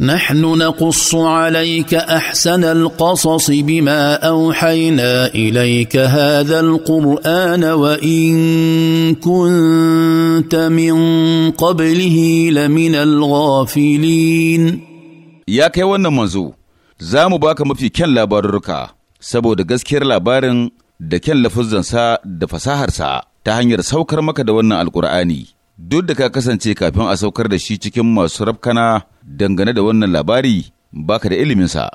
نحن نقص عليك احسن القصص بما اوحينا اليك هذا القران وان كنت من قبله لمن الغافلين يا kai wannan manzo za mu baka mafi kyan labarurruka saboda gaskiyar labarin da kyan lafuzzansa da fasaharsa ta hanyar saukar maka da wannan alkur'ani duk da ka kasance kafin a saukar da shi cikin masu rafkana dangane da wannan labari baka da iliminsa.